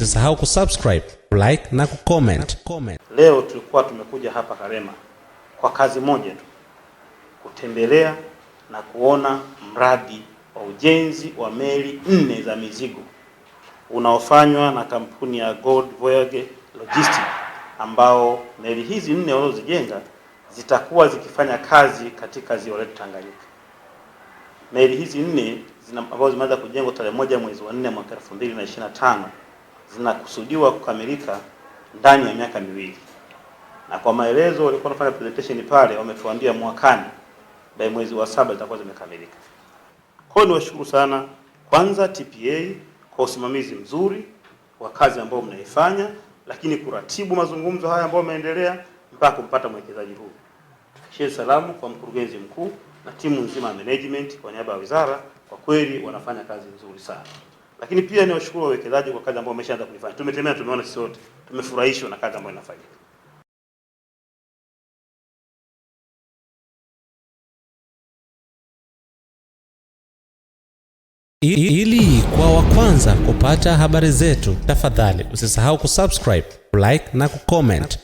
Usisahau kusubscribe, like na kucomment. Leo tulikuwa tumekuja hapa Karema kwa kazi moja tu, kutembelea na kuona mradi wa ujenzi wa meli nne za mizigo unaofanywa na kampuni ya Gold Voyage Logistics, ambao meli hizi nne walizojenga zitakuwa zikifanya kazi katika ziwa letu Tanganyika. Meli hizi nne ambazo zimeanza kujengwa tarehe moja mwezi wa nne mwaka 2025 zinakusudiwa kukamilika ndani ya miaka miwili, na kwa maelezo walikuwa wanafanya presentation pale, wametuambia mwakani by mwezi wa saba zitakuwa zimekamilika. Kwa hiyo niwashukuru sana kwanza TPA kwa usimamizi mzuri wa kazi ambayo mnaifanya, lakini kuratibu mazungumzo haya ambayo yameendelea mpaka kumpata mwekezaji huu. Tufikishie salamu kwa mkurugenzi mkuu na timu nzima ya management kwa niaba ya wizara, kwa kweli wanafanya kazi nzuri sana lakini pia ni washukuru wawekezaji kwa kazi ambayo wameshaanza kuifanya. tumetemea tumeona sisi wote tumefurahishwa na kazi ambayo inafanyika. Ili kwa wa kwanza kupata habari zetu, tafadhali usisahau kusubscribe, like na kucomment.